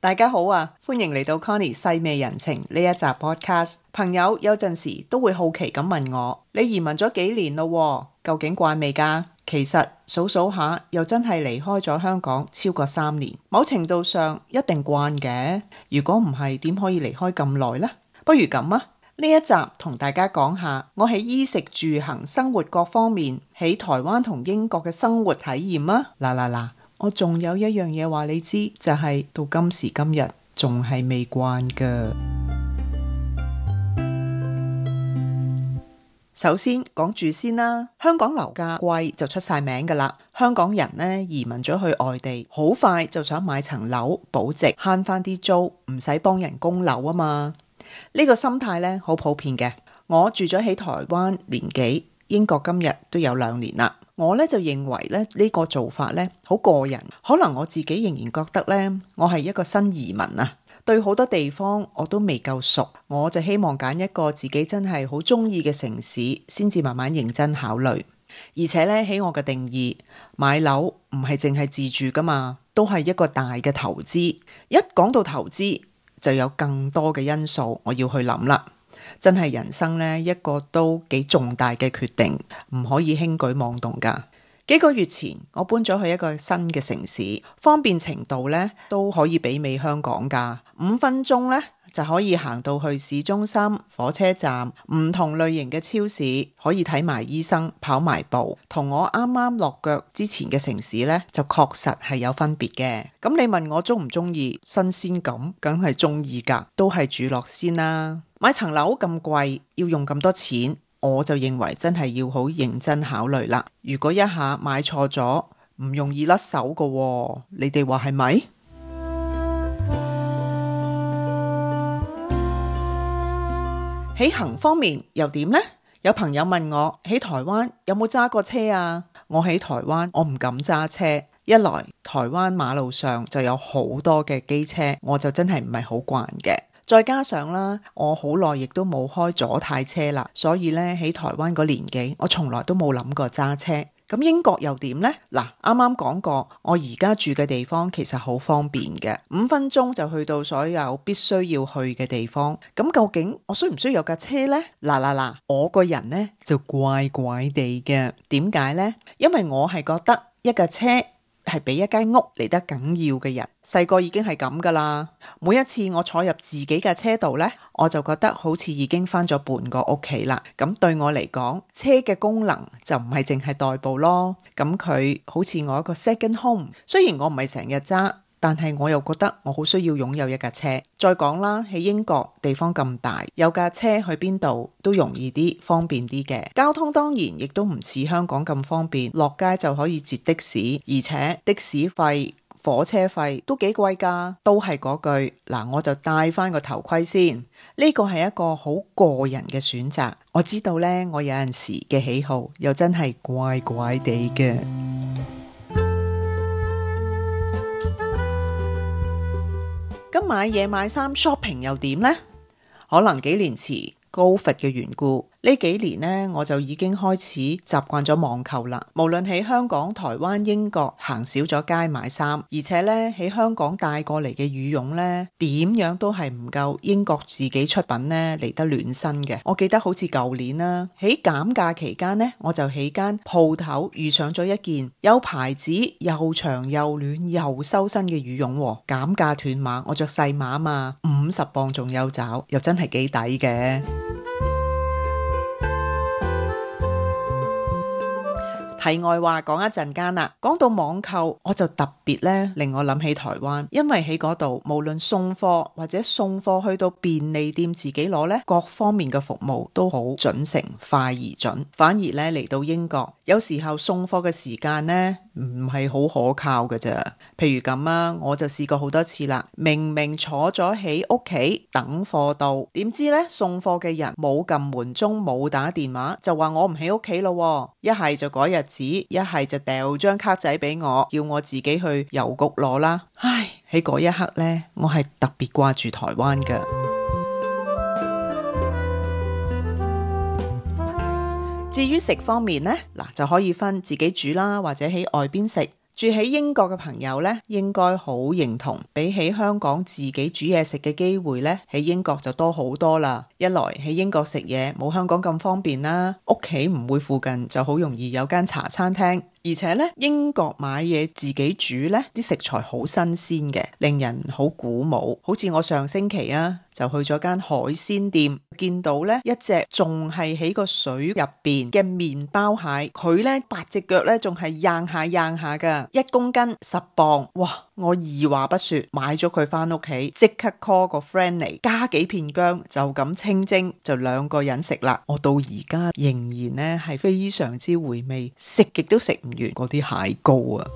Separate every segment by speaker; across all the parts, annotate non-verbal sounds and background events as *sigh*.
Speaker 1: 大家好啊，歡迎嚟到 Connie 細味人情呢一集 podcast。朋友有陣時都會好奇咁問我：你移民咗幾年咯？究竟慣未噶？其實數數下，又真係離開咗香港超過三年。某程度上一定慣嘅。如果唔係，點可以離開咁耐呢？不如咁啊，呢一集同大家講下我喺衣食住行、生活各方面喺台灣同英國嘅生活體驗啊！嗱嗱嗱！我仲有一樣嘢話你知，就係、是、到今時今日仲係未慣㗎。首先講住先啦，香港樓價貴就出晒名㗎啦。香港人呢，移民咗去外地，好快就想買層樓保值，慳翻啲租，唔使幫人供樓啊嘛。呢、這個心態呢，好普遍嘅。我住咗喺台灣年幾，英國今日都有兩年啦。我咧就認為咧呢個做法咧好個人，可能我自己仍然覺得咧，我係一個新移民啊，對好多地方我都未夠熟，我就希望揀一個自己真係好鍾意嘅城市，先至慢慢認真考慮。而且咧喺我嘅定義，買樓唔係淨係自住㗎嘛，都係一個大嘅投資。一講到投資，就有更多嘅因素我要去諗啦。真係人生呢，一個都幾重大嘅決定，唔可以輕舉妄動噶。幾個月前我搬咗去一個新嘅城市，方便程度呢都可以媲美香港噶。五分鐘呢，就可以行到去市中心、火車站、唔同類型嘅超市，可以睇埋醫生、跑埋步。同我啱啱落腳之前嘅城市呢，就確實係有分別嘅。咁你問我中唔中意新鮮感，梗係中意噶，都係住落先啦。買層樓咁貴要用咁多錢，我就認為真係要好認真考慮啦。如果一下買錯咗，唔容易甩手㗎喎。你哋話係咪？ *music* 喺行方面又點呢？有朋友問我喺台灣有冇揸過車啊？我喺台灣我唔敢揸車，一來台灣馬路上就有好多嘅機車，我就真係唔係好慣嘅。再加上啦，我好耐亦都冇開左軚車啦，所以咧喺台灣嗰年紀，我從來都冇諗過揸車。咁英國又點呢？嗱，啱啱講過，我而家住嘅地方其實好方便嘅，五分鐘就去到所有必須要去嘅地方。咁究竟我需唔需要有架車呢？嗱嗱嗱，我個人呢就怪怪地嘅，點解呢？因為我係覺得一架車。係比一間屋嚟得緊要嘅人，細個已經係咁噶啦。每一次我坐入自己嘅車度呢，我就覺得好似已經返咗半個屋企啦。咁、嗯、對我嚟講，車嘅功能就唔係淨係代步咯。咁、嗯、佢好似我一個 second home，雖然我唔係成日揸。但係我又覺得我好需要擁有一架車。再講啦，喺英國地方咁大，有架車去邊度都容易啲、方便啲嘅。交通當然亦都唔似香港咁方便，落街就可以截的士，而且的士費、火車費都幾貴㗎。都係嗰句，嗱，我就戴翻個頭盔先。呢個係一個好個人嘅選擇。我知道呢，我有陣時嘅喜好又真係怪怪地嘅。咁買嘢買衫 shopping 又點呢？可能幾年前高佛嘅緣故。呢幾年呢，我就已經開始習慣咗網購啦。無論喺香港、台灣、英國行少咗街買衫，而且呢，喺香港帶過嚟嘅羽絨呢，點樣都係唔夠英國自己出品呢嚟得暖身嘅。我記得好似舊年啦，喺減價期間呢，我就喺間鋪頭遇上咗一件有牌子，又長又暖又修身嘅羽絨，減價斷碼，我着細碼嘛，五十磅仲有找，又真係幾抵嘅。題外話講一陣間啦，講到網購，我就特別咧令我諗起台灣，因為喺嗰度無論送貨或者送貨去到便利店自己攞呢，各方面嘅服務都好準成快而準。反而咧嚟到英國，有時候送貨嘅時間呢，唔係好可靠嘅啫。譬如咁啊，我就試過好多次啦，明明坐咗喺屋企等貨到，點知呢？送貨嘅人冇撳門鐘，冇打電話，就話我唔喺屋企咯，一係就改日。紙，一係就掉張卡仔俾我，要我自己去郵局攞啦。唉，喺嗰一刻呢，我係特別掛住台灣㗎。 *music* 至於食方面呢，嗱就可以分自己煮啦，或者喺外邊食。住喺英國嘅朋友呢，應該好認同，比起香港自己煮嘢食嘅機會呢，喺英國就多好多啦。一來喺英國食嘢冇香港咁方便啦，屋企唔會附近就好容易有間茶餐廳，而且呢，英國買嘢自己煮呢啲食材好新鮮嘅，令人好鼓舞。好似我上星期啊，就去咗間海鮮店。見到呢，一隻仲係喺個水入邊嘅麵包蟹，佢呢八隻腳呢仲係硬下硬下噶，一公斤十磅，哇！我二話不說買咗佢翻屋企，即刻 call 個 friend 嚟，加幾片姜就咁清蒸，就兩個人食啦。我到而家仍然呢係非常之回味，食極都食唔完嗰啲蟹膏啊！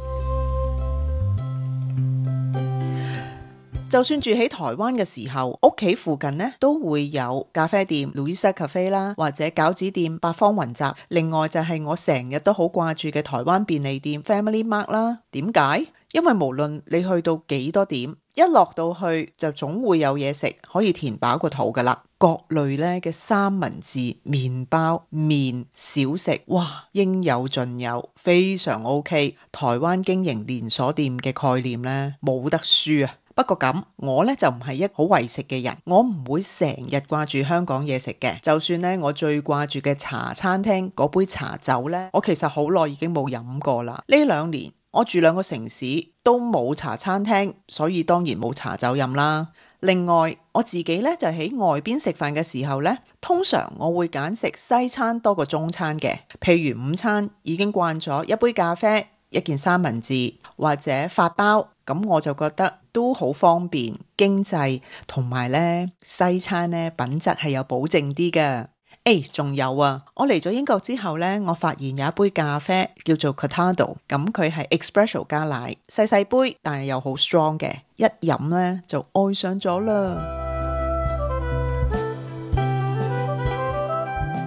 Speaker 1: 就算住喺台灣嘅時候，屋企附近呢都會有咖啡店 Louisa Cafe 啦，或者餃子店八方雲集。另外就係我成日都好掛住嘅台灣便利店 Family Mart 啦。點解？因為無論你去到幾多點，一落到去就總會有嘢食可以填飽個肚㗎喇。各類咧嘅三文治、麵包、麵、小食，哇，應有盡有，非常 OK。台灣經營連鎖店嘅概念呢，冇得輸啊！不過咁，我咧就唔係一好為食嘅人，我唔會成日掛住香港嘢食嘅。就算咧，我最掛住嘅茶餐廳嗰杯茶酒咧，我其實好耐已經冇飲過啦。呢兩年我住兩個城市都冇茶餐廳，所以當然冇茶酒飲啦。另外我自己咧就喺外邊食飯嘅時候咧，通常我會揀食西餐多過中餐嘅。譬如午餐已經慣咗一杯咖啡，一件三文治或者法包，咁我就覺得。都好方便、經濟，同埋呢西餐呢品質係有保證啲嘅。誒、哎，仲有啊！我嚟咗英國之後呢，我發現有一杯咖啡叫做 c a t a d o 咁佢係 e s p r e s s o 加奶，細細杯，但係又好 strong 嘅，一飲呢就愛上咗啦。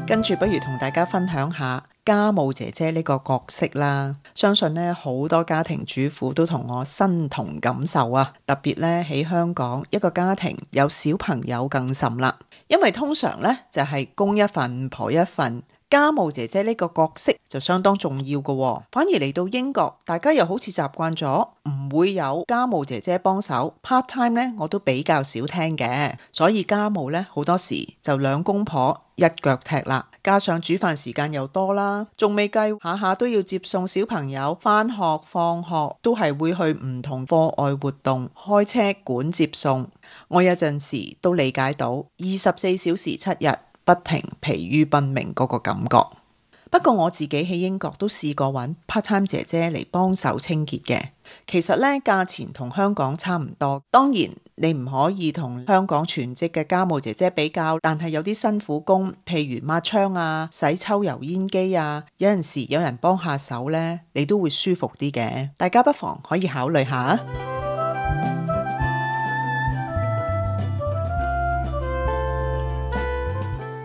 Speaker 1: 跟住不如同大家分享下。家務姐姐呢個角色啦，相信咧好多家庭主婦都同我身同感受啊！特別咧喺香港，一個家庭有小朋友更甚啦，因為通常咧就係公一份，婆一份。家務姐姐呢個角色就相當重要㗎喎，反而嚟到英國，大家又好似習慣咗唔會有家務姐姐幫手，part time 呢我都比較少聽嘅，所以家務呢好多時就兩公婆一腳踢啦，加上煮飯時間又多啦，仲未計下下都要接送小朋友返學、放學，都係會去唔同課外活動，開車管接送，我有陣時都理解到二十四小時七日。不停疲於奔命嗰個感覺。不過我自己喺英國都試過揾 part time 姐姐嚟幫手清潔嘅，其實呢價錢同香港差唔多。當然你唔可以同香港全職嘅家務姐姐比較，但係有啲辛苦工，譬如抹窗啊、洗抽油煙機啊，有陣時有人幫下手呢，你都會舒服啲嘅。大家不妨可以考慮下。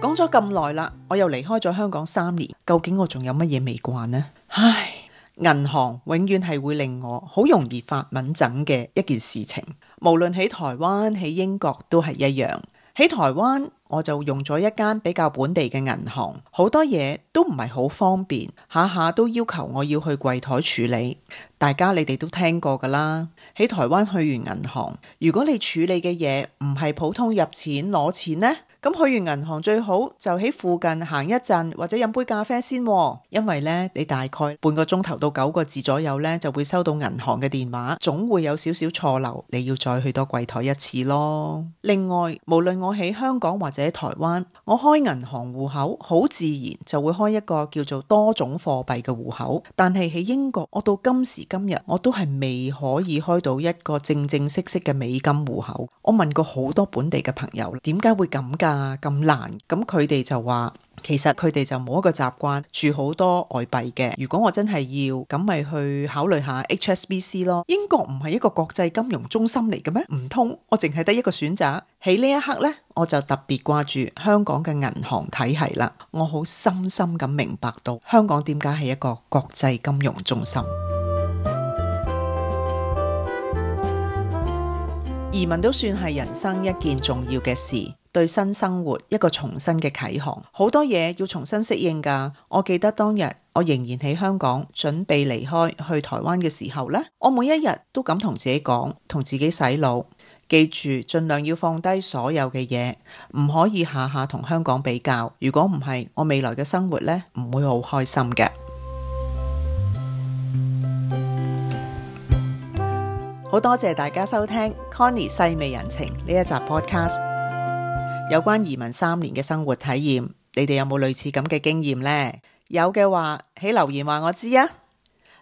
Speaker 1: 講咗咁耐啦，我又離開咗香港三年，究竟我仲有乜嘢未慣呢？唉，銀行永遠係會令我好容易發敏疹嘅一件事情，無論喺台灣、喺英國都係一樣。喺台灣我就用咗一間比較本地嘅銀行，好多嘢都唔係好方便，下下都要求我要去櫃台處理。大家你哋都聽過㗎啦，喺台灣去完銀行，如果你處理嘅嘢唔係普通入錢攞錢呢？咁去完銀行最好就喺附近行一陣，或者飲杯咖啡先哦，因為咧你大概半個鐘頭到九個字左右咧就會收到銀行嘅電話，總會有少少錯漏，你要再去多櫃檯一次咯。另外，無論我喺香港或者台灣，我開銀行戶口好自然就會開一個叫做多種貨幣嘅戶口，但係喺英國，我到今時今日我都係未可以開到一個正正式式嘅美金戶口。我問過好多本地嘅朋友點解會咁㗎？啊咁難，咁佢哋就話，其實佢哋就冇一個習慣住好多外幣嘅。如果我真係要，咁咪去考慮下 HSBC 咯。英國唔係一個國際金融中心嚟嘅咩？唔通我淨係得一個選擇？喺呢一刻呢，我就特別掛住香港嘅銀行體系啦。我好深深咁明白到香港點解係一個國際金融中心。移民都算係人生一件重要嘅事。對新生活一個重新嘅啟航，好多嘢要重新適應噶。我記得當日我仍然喺香港準備離開去台灣嘅時候呢，我每一日都咁同自己講，同自己洗腦，記住盡量要放低所有嘅嘢，唔可以下下同香港比較。如果唔係，我未來嘅生活呢，唔會好開心嘅。 *music* 好多謝大家收聽 Connie 細味人情呢一集 Podcast。有關移民三年嘅生活體驗，你哋有冇類似咁嘅經驗呢？有嘅話喺留言話我知啊。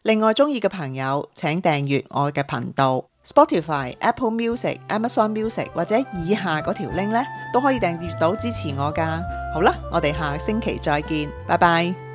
Speaker 1: 另外中意嘅朋友，請訂閱我嘅頻道，Spotify、Apple Music、Amazon Music 或者以下嗰條 link 咧，都可以訂閱到支持我㗎。好啦，我哋下星期再見，拜拜。